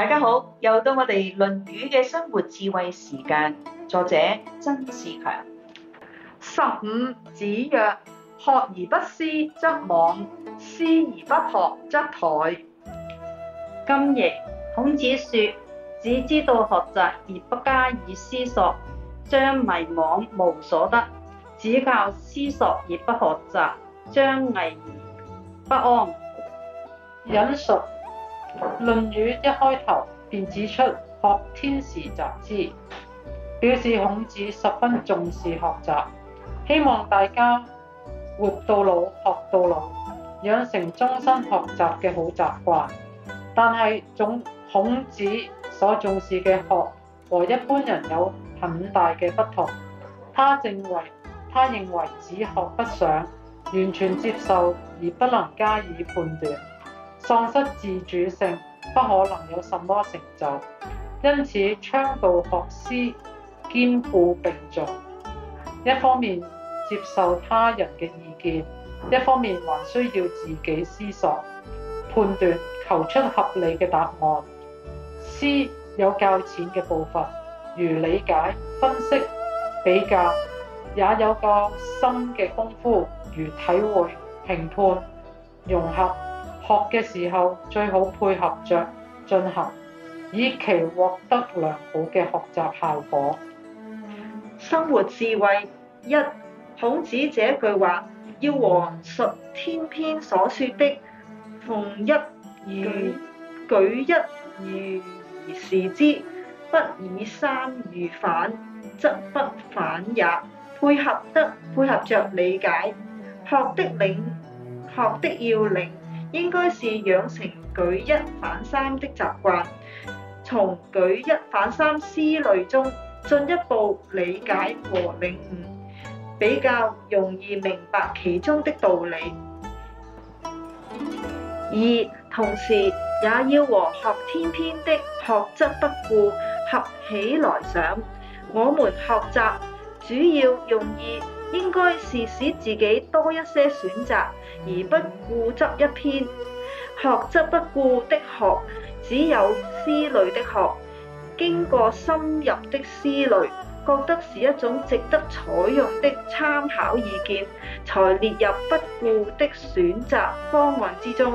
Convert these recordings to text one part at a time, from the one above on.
大家好，又到我哋《論語》嘅生活智慧時間。作者：曾仕強。十五，子曰：學而不思則罔，思而不學則殆。則今譯：孔子說，只知道學習而不加以思索，將迷惘無所得；只靠思索而不學習，將危而不安。引述。《論語》一開頭便指出學而時習之，表示孔子十分重視學習，希望大家活到老學到老，養成終身學習嘅好習慣。但係總孔子所重視嘅學和一般人有很大嘅不同，他正為他認為只學不想，完全接受而不能加以判斷。喪失自主性，不可能有什麼成就。因此，倡導學思兼顧並重，一方面接受他人嘅意見，一方面還需要自己思索、判斷，求出合理嘅答案。思有較淺嘅部分，如理解、分析、比較，也有個深嘅功夫，如體會、評判、融合。學嘅時候最好配合着進行，以期獲得良好嘅學習效果。生活智慧一，孔子這句話要和《述天篇》所說的奉一於舉一，舉一而而示之，不以三而反則不反也。配合得配合着理解，學的領學的要領。應該是養成舉一反三的習慣，從舉一反三思慮中進一步理解和領悟，比較容易明白其中的道理。二同時也要和學而篇的學則不固合起來想，我們學習主要用意。應該是使自己多一些選擇，而不固執一偏。學則不固的學，只有思慮的學。經過深入的思慮，覺得是一種值得採用的參考意見，才列入不固的選擇方案之中。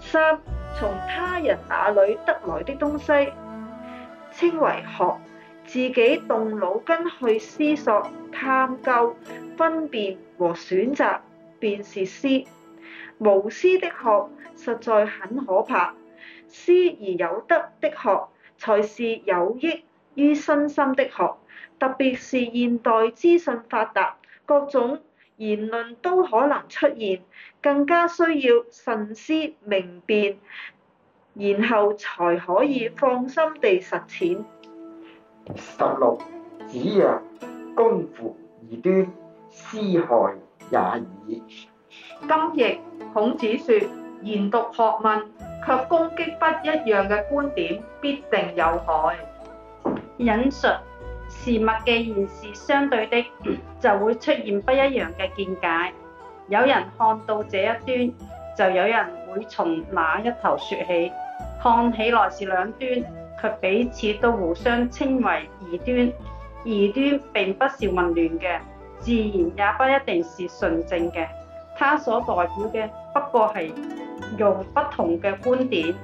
三，從他人那裏得來的東西，稱為學。自己動腦筋去思索、探究。分辨和選擇便是思，無思的學實在很可怕。思而有得的學才是有益於身心的學。特別是現代資訊發達，各種言論都可能出現，更加需要慎思明辨，然後才可以放心地實踐。十六子曰：攻乎異端。斯害也已。今亦孔子說：研讀學問，却攻擊不一樣嘅觀點，必定有害。引述事物嘅既然是相對的，就會出現不一樣嘅見解。有人看到這一端，就有人會從那一頭說起，看起來是兩端，却彼此都互相稱為異端。異端並不是混亂嘅。自然也不一定是純正嘅，他所代表嘅不過係用不同嘅觀點。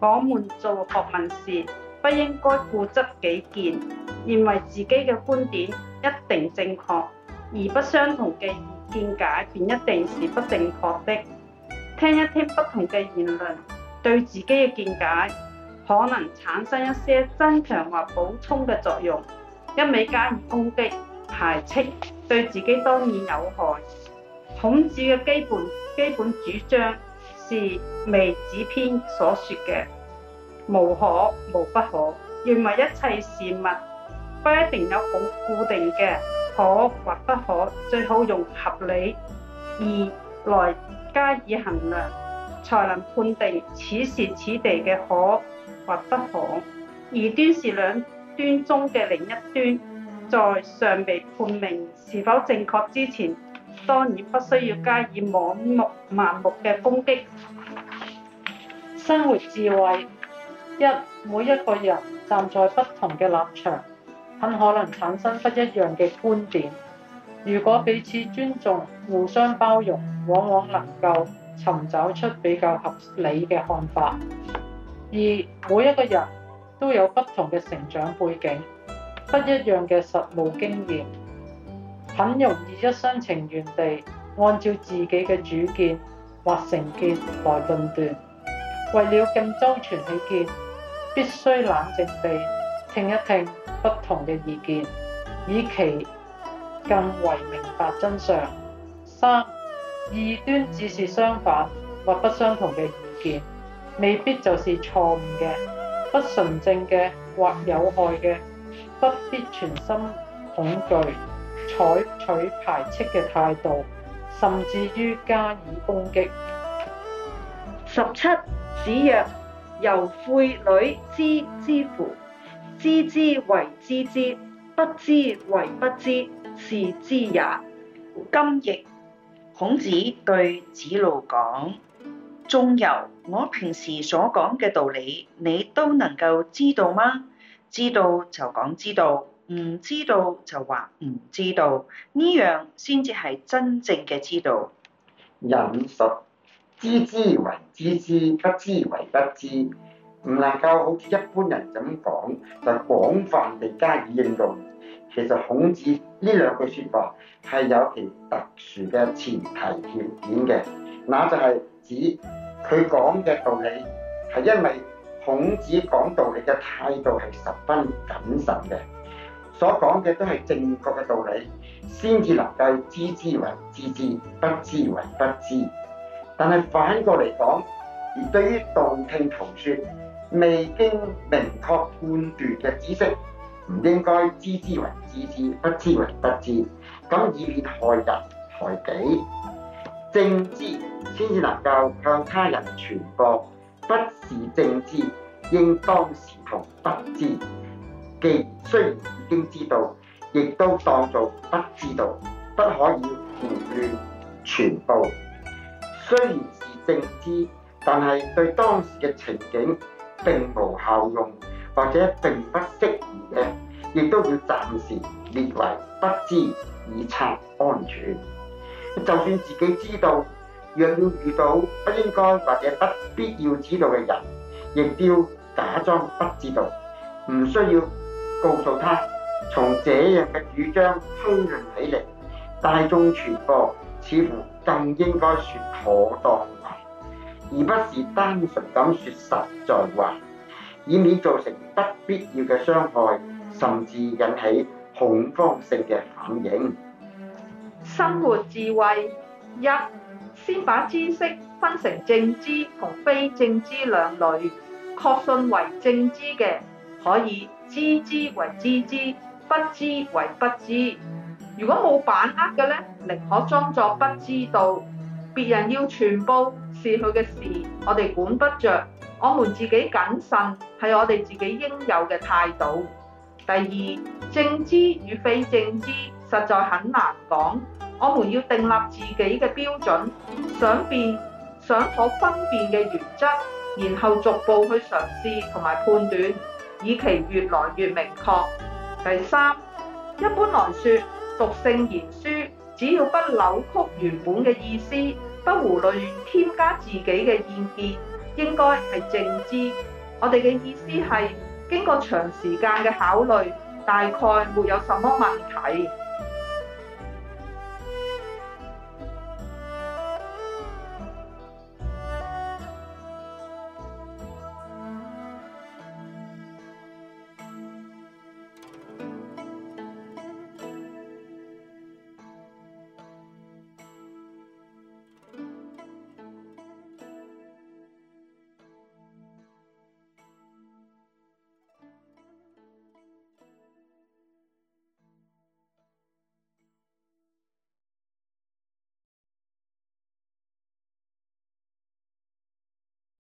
我們做學問時不應該固執己見，認為自己嘅觀點一定正確而不相同嘅見解便一定是不正確的。聽一聽不同嘅言論對自己嘅見解可能產生一些增強或補充嘅作用，一味加以攻擊、排斥對自己當然有害。孔子嘅基本基本主張是《微子篇》所説嘅無可無不可，認為一切事物不一定有好固定嘅可或不可，最好用合理而來加以衡量，才能判定此時此地嘅可或不可。而端是兩端中嘅另一端。在尚未判明是否正確之前，當然不需要加以盲目、盲目嘅攻擊。生活智慧：一、每一個人站在不同嘅立場，很可能產生不一樣嘅觀點。如果彼此尊重、互相包容，往往能夠尋找出比較合理嘅看法。二、每一個人都有不同嘅成長背景。不一樣嘅實務經驗，很容易一廂情願地按照自己嘅主見或成見來論斷。為了更周全起見，必須冷靜地聽一聽不同嘅意見，以其更為明白真相。三、異端只是相反或不相同嘅意見，未必就是錯誤嘅、不純正嘅或有害嘅。不必全心恐懼，採取排斥嘅態度，甚至於加以攻擊。十七子曰：由誨女知之乎？知之為知之，不知為不知，是知也。今譯孔子對子路講：仲由，我平時所講嘅道理，你都能夠知道嗎？知道就講知道，唔知道就話唔知道，呢樣先至係真正嘅知道。引述：知之為知之，不知為不知，唔能夠好似一般人咁講，就是廣泛地加以應用。其實孔子呢兩句説話係有其特殊嘅前提條件嘅，那就係指佢講嘅道理係因為。孔子講道理嘅態度係十分謹慎嘅，所講嘅都係正確嘅道理，先至能夠知之為知之，不知為不知。但係反過嚟講，而對於道聽途說、未經明確判斷嘅知識，唔應該知之為知之，不知為不知，咁以免害人害己。正知先至能夠向他人傳播。不是正知，應當視同不知。既然雖然已經知道，亦都當做不知道，不可以胡亂傳佈。雖然是正知，但係對當時嘅情景並無效用，或者並不適宜嘅，亦都要暫時列為不知以策安全。就算自己知道，若要遇到不應該或者不必要知道嘅人，亦要假裝不知道，唔需要告訴他。從這樣嘅主張推論起嚟，大眾傳播似乎更應該說妥當話，而不是單純咁說實在話，以免造成不必要嘅傷害，甚至引起恐慌性嘅反應。生活智慧一。先把知識分成正知同非正知兩類，確信為正知嘅可以知之為知之，不知為不知。如果冇把握嘅咧，寧可裝作不知道。別人要全部是佢嘅事，我哋管不着。我們自己謹慎係我哋自己應有嘅態度。第二，正知與非正知。實在很難講，我們要訂立自己嘅標準，想辨想可分辨嘅原則，然後逐步去嘗試同埋判斷，以其越來越明確。第三，一般來說，讀聖賢書，只要不扭曲原本嘅意思，不胡亂添加自己嘅意見，應該係正知。我哋嘅意思係經過長時間嘅考慮，大概沒有什麼問題。